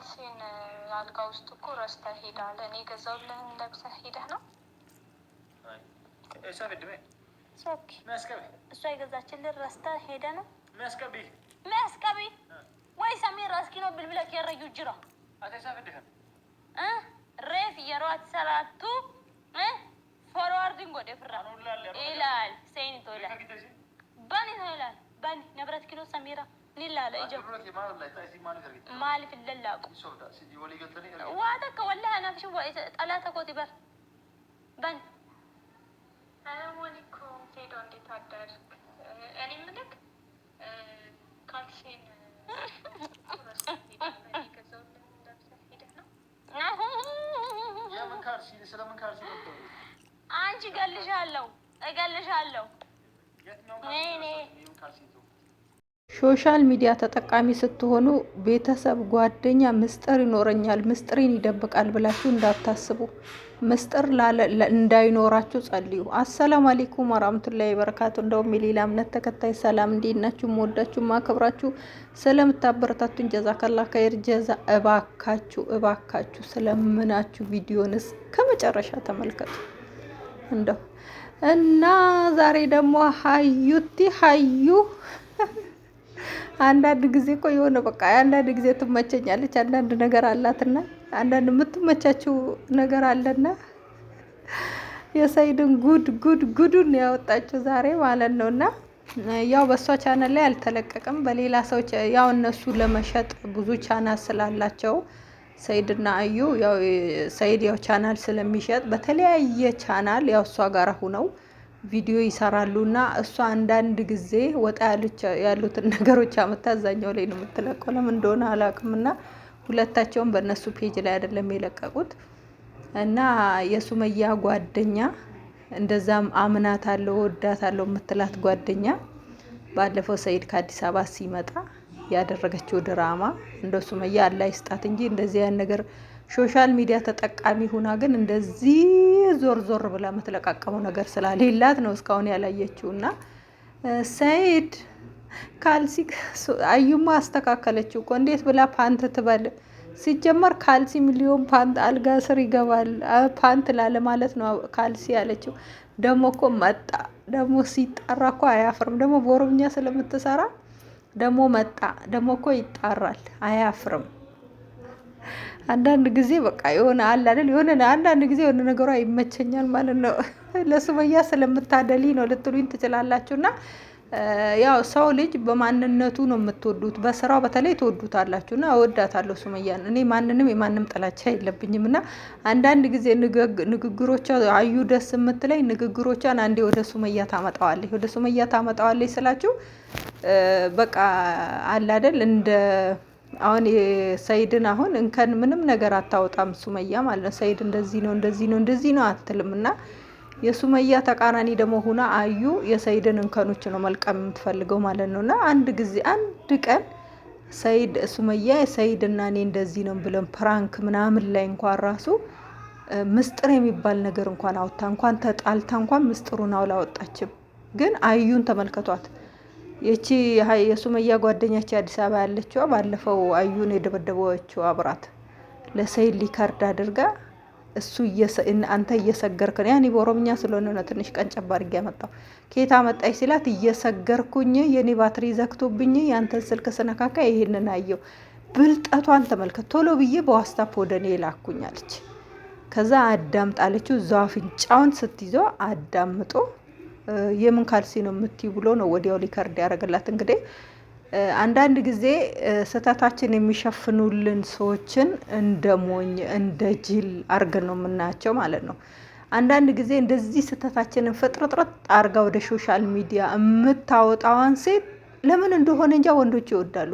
ልብሴን አልጋ ውስጥ እኮ ረስተህ ሄዳል። እኔ ገዛሁልህን ለብሰህ ሄደህ ነው። እሷ የገዛችልን ረስተህ ሄደህ ነው። መስቀቢ ወይ ሰሜን ራስኪ ነው ብልብለክ የረዩ ጅራ ሬፍ የሯት ሰራቱ ፎርዋርዲንግ ወደ ፍራ ይላል ሴኒቶ ይላል ባኒ ነው ይላል ባኒ ነብረት ኪሎ ሰሜራ ማልፍ ለላቁ ዋተከ ወላ ናፍሽ ጠላት ኮት ይበር በን አላሙአሊኩም ሄዶ እንዴት አደርክ? እኔ ምልክ ካልሴን አንቺ እገልሻለሁ እገልሻለሁ ሶሻል ሚዲያ ተጠቃሚ ስትሆኑ ቤተሰብ፣ ጓደኛ ምስጢር ይኖረኛል ምስጢሬን ይደብቃል ብላችሁ እንዳታስቡ። ምስጢር እንዳይኖራችሁ ጸልዩ። አሰላሙ አሌይኩም ወራህመቱላሂ ወበረካቱ። እንደውም የሌላ እምነት ተከታይ ሰላም፣ እንዴት ናችሁ? መወዳችሁ ማከብራችሁ ስለምታበረታቱን ጀዛ ከላ ከይር ጀዛ። እባካችሁ እባካችሁ ስለምናችሁ ቪዲዮንስ ከመጨረሻ ተመልከቱ እንደው እና ዛሬ ደግሞ ሀዩቲ ሀዩ አንዳንድ ጊዜ እኮ የሆነ በቃ አንዳንድ ጊዜ ትመቸኛለች። አንዳንድ ነገር አላትና አንዳንድ የምትመቻችው ነገር አለና የሰይድን ጉድ ጉድ ጉዱን ያወጣችው ዛሬ ማለት ነው። እና ያው በእሷ ቻናል ላይ አልተለቀቀም። በሌላ ሰው ያው እነሱ ለመሸጥ ብዙ ቻናል ስላላቸው ሰይድና አዩ ያው ሰይድ ያው ቻናል ስለሚሸጥ በተለያየ ቻናል ያው እሷ ጋር ሁነው ቪዲዮ ይሰራሉ እና እሷ አንዳንድ ጊዜ ወጣ ያለች ያሉትን ነገሮች አመታ እዛኛው ላይ ነው የምትለቀው። ለምን እንደሆነ አላውቅም። እና ሁለታቸውም በእነሱ ፔጅ ላይ አይደለም የለቀቁት እና የሱመያ ጓደኛ እንደዛም አምናት አለው ወዳት አለው የምትላት ጓደኛ ባለፈው ሰይድ ከአዲስ አበባ ሲመጣ ያደረገችው ድራማ እንደ ሱመያ አላይ ስጣት እንጂ እንደዚህ ያን ነገር ሶሻል ሚዲያ ተጠቃሚ ሁና ግን እንደዚህ ዞር ዞር ብላ የምትለቃቀመው ነገር ስላሌላት ነው እስካሁን ያላየችው። እና ሰይድ ካልሲ አዩማ አስተካከለችው እኮ እንዴት ብላ ፓንት ትበል። ሲጀመር ካልሲ ሚሊዮን ፓንት አልጋ ስር ይገባል። ፓንት ላለ ማለት ነው ካልሲ ያለችው። ደግሞ እኮ መጣ ደግሞ ሲጠራ እኮ አያፍርም። ደግሞ በኦሮምኛ ስለምትሰራ ደግሞ መጣ ደግሞ እኮ ይጣራል፣ አያፍርም አንዳንድ ጊዜ በቃ የሆነ አለ አይደል የሆነ አንዳንድ ጊዜ የሆነ ነገሯ ይመቸኛል ማለት ነው። ለሱመያ ስለምታደሊ ነው ልትሉኝ ትችላላችሁ። እና ያው ሰው ልጅ በማንነቱ ነው የምትወዱት፣ በስራው በተለይ ትወዱታላችሁ። እና እወዳታለሁ ሱመያን። እኔ ማንንም የማንም ጥላቻ የለብኝም። እና አንዳንድ ጊዜ ንግግሮቿ አዩ ደስ የምትለኝ ንግግሮቿን አንዴ ወደ ሱመያ ታመጣዋለች፣ ወደ ሱመያ ታመጣዋለች ስላችሁ በቃ አለ አይደል እንደ አሁን ሰይድን አሁን እንከን ምንም ነገር አታወጣም ሱመያ ማለት ነው። ሰይድ እንደዚህ ነው እንደዚህ ነው እንደዚህ ነው አትልም እና የሱመያ ተቃራኒ ደግሞ ሁና አዩ የሰይድን እንከኖች ነው መልቀም የምትፈልገው ማለት ነው። እና አንድ ጊዜ አንድ ቀን ሰይድ ሱመያ ሰይድ እኔ እንደዚህ ነው ብለን ፕራንክ ምናምን ላይ እንኳን ራሱ ምስጢር የሚባል ነገር እንኳን አውጥታ እንኳን ተጣልታ እንኳን ምስጢሩን አላወጣችም። ግን አዩን ተመልከቷት ይቺ የሱመያ ጓደኛች አዲስ አበባ ያለችዋ ባለፈው አዩን የደበደበችው አብራት ለሰይድ ሊካርድ አድርጋ እሱ አንተ እየሰገርክ ነው። ያኔ በኦሮምኛ ስለሆነ ነው ትንሽ ቀን ጨባር ጊ ያመጣው ኬታ መጣች ሲላት እየሰገርኩኝ የኔ ባትሪ ዘግቶብኝ የአንተን ስልክ ስነካካ ይሄንን አየው። ብልጠቷን ተመልከት። ቶሎ ብዬ በዋስታፕ ወደ እኔ ላኩኝ አለች። ከዛ አዳምጣለችው እዛ አፍንጫውን ስትይዘው አዳምጦ የምን ካልሲ ነው የምትይ ብሎ ነው ወዲያው ሊከርድ ያደረገላት። እንግዲህ አንዳንድ ጊዜ ስህተታችን የሚሸፍኑልን ሰዎችን እንደ ሞኝ እንደ ጅል አርገን ነው የምናያቸው ማለት ነው። አንዳንድ ጊዜ እንደዚህ ስህተታችንን ፍጥርጥርጥ አርጋ ወደ ሶሻል ሚዲያ የምታወጣዋን ሴት ለምን እንደሆነ እንጃ ወንዶች ይወዳሉ።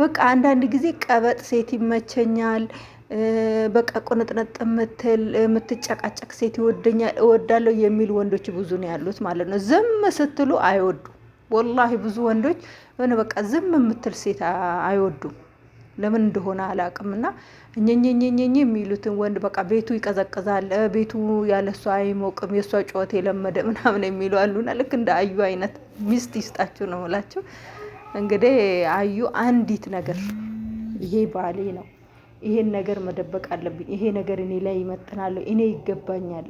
በቃ አንዳንድ ጊዜ ቀበጥ ሴት ይመቸኛል በቃ ቁንጥንጥ የምትል የምትጨቃጨቅ ሴት ይወደኛል እወዳለሁ የሚሉ ወንዶች ብዙ ነው ያሉት ማለት ነው። ዝም ስትሉ አይወዱ። ወላሂ ብዙ ወንዶች ሆነ በቃ ዝም የምትል ሴት አይወዱም። ለምን እንደሆነ አላውቅም። እና እኘኘኘኘኝ የሚሉትን ወንድ በቃ ቤቱ ይቀዘቅዛል፣ ቤቱ ያለ እሷ አይሞቅም፣ የእሷ ጩኸት የለመደ ምናምን የሚሉ አሉና ልክ እንደ አዩ አይነት ሚስት ይስጣችሁ ነው ምላቸው። እንግዲህ አዩ አንዲት ነገር ይሄ ባሌ ነው ይሄን ነገር መደበቅ አለብኝ፣ ይሄ ነገር እኔ ላይ ይመጥናለሁ፣ እኔ ይገባኛል፣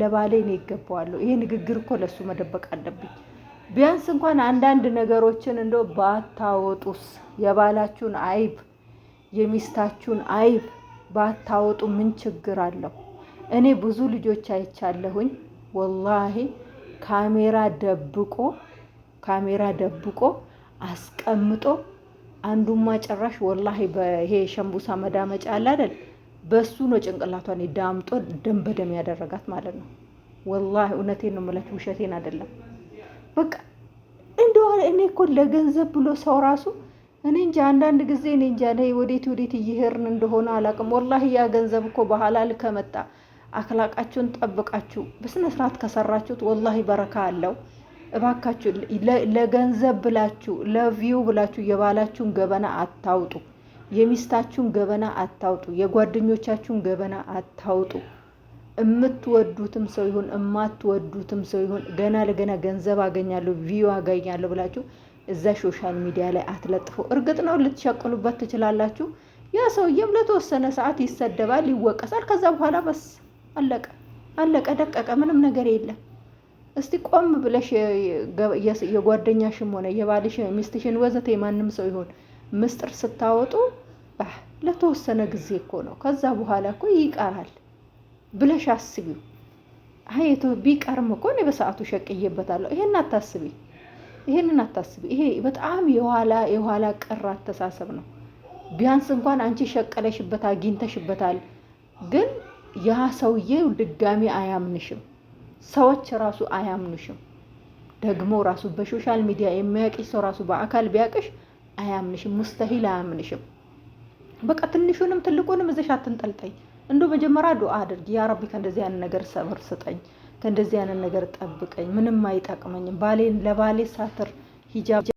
ለባሌ እኔ ይገባዋለሁ። ይሄ ንግግር እኮ ለሱ መደበቅ አለብኝ። ቢያንስ እንኳን አንዳንድ ነገሮችን እንደ ባታወጡስ፣ የባላችሁን አይብ፣ የሚስታችሁን አይብ ባታወጡ ምን ችግር አለው? እኔ ብዙ ልጆች አይቻለሁኝ ወላሂ ካሜራ ደብቆ ካሜራ ደብቆ አስቀምጦ አንዱማ ጭራሽ ወላሂ ይሄ ሸምቡሳ መዳመጫ አለ አይደል? በሱ ነው ጭንቅላቷን ዳምጦ ደም በደም ያደረጋት ማለት ነው። ወላሂ እውነቴን ነው የምለች፣ ውሸቴን አይደለም። በቃ እንደው እኔ እኮ ለገንዘብ ብሎ ሰው ራሱ እኔ እንጃ አንዳንድ ጊዜ እኔ እንጃ ወዴት ወዴት እየሄርን እንደሆነ አላውቅም። ወላሂ ያ ገንዘብ እኮ በሐላል ከመጣ አክላቃችሁን ጠብቃችሁ በስነ ስርዓት ከሰራችሁት ወላሂ በረካ አለው። እባካችሁ ለገንዘብ ብላችሁ ለቪው ብላችሁ የባላችሁን ገበና አታውጡ። የሚስታችሁን ገበና አታውጡ። የጓደኞቻችሁን ገበና አታውጡ። የምትወዱትም ሰው ይሁን የማትወዱትም ሰው ይሁን ገና ለገና ገንዘብ አገኛለሁ ቪው አገኛለሁ ብላችሁ እዛ ሶሻል ሚዲያ ላይ አትለጥፉ። እርግጥ ነው ልትሸቅሉበት ትችላላችሁ። ያ ሰውዬም ለተወሰነ ሰዓት ይሰደባል፣ ይወቀሳል። ከዛ በኋላ በስ አለቀ፣ አለቀ፣ ደቀቀ። ምንም ነገር የለም። እስቲ ቆም ብለሽ የጓደኛሽም ሆነ የባልሽ ሚስትሽን ወዘተ የማንም ሰው ይሆን ምስጢር ስታወጡ ለተወሰነ ጊዜ እኮ ነው፣ ከዛ በኋላ እኮ ይቀራል ብለሽ አስቢው። አይቶ ቢቀርም እኮ እኔ በሰዓቱ ሸቅዬበታለሁ። ይሄን አታስቢ፣ ይሄንን አታስቢ። ይሄ በጣም የኋላ የኋላ ቀር አተሳሰብ ነው። ቢያንስ እንኳን አንቺ ሸቀለሽበት አግኝተሽበታል፣ ግን ያ ሰውዬው ድጋሚ አያምንሽም። ሰዎች ራሱ አያምኑሽም። ደግሞ ራሱ በሶሻል ሚዲያ የሚያውቅሽ ሰው ራሱ በአካል ቢያውቅሽ አያምንሽም፣ ሙስተሂል አያምንሽም። በቃ ትንሹንም ትልቁንም እዚሽ አትንጠልጠኝ። እንዶ መጀመሪያ ዱአ አድርጊ፣ ያ ረቢ ከእንደዚህ ያንን ነገር ሰብር ስጠኝ፣ ከእንደዚህ ያንን ነገር ጠብቀኝ፣ ምንም አይጠቅመኝም፣ ለባሌ ሳትር ሂጃብ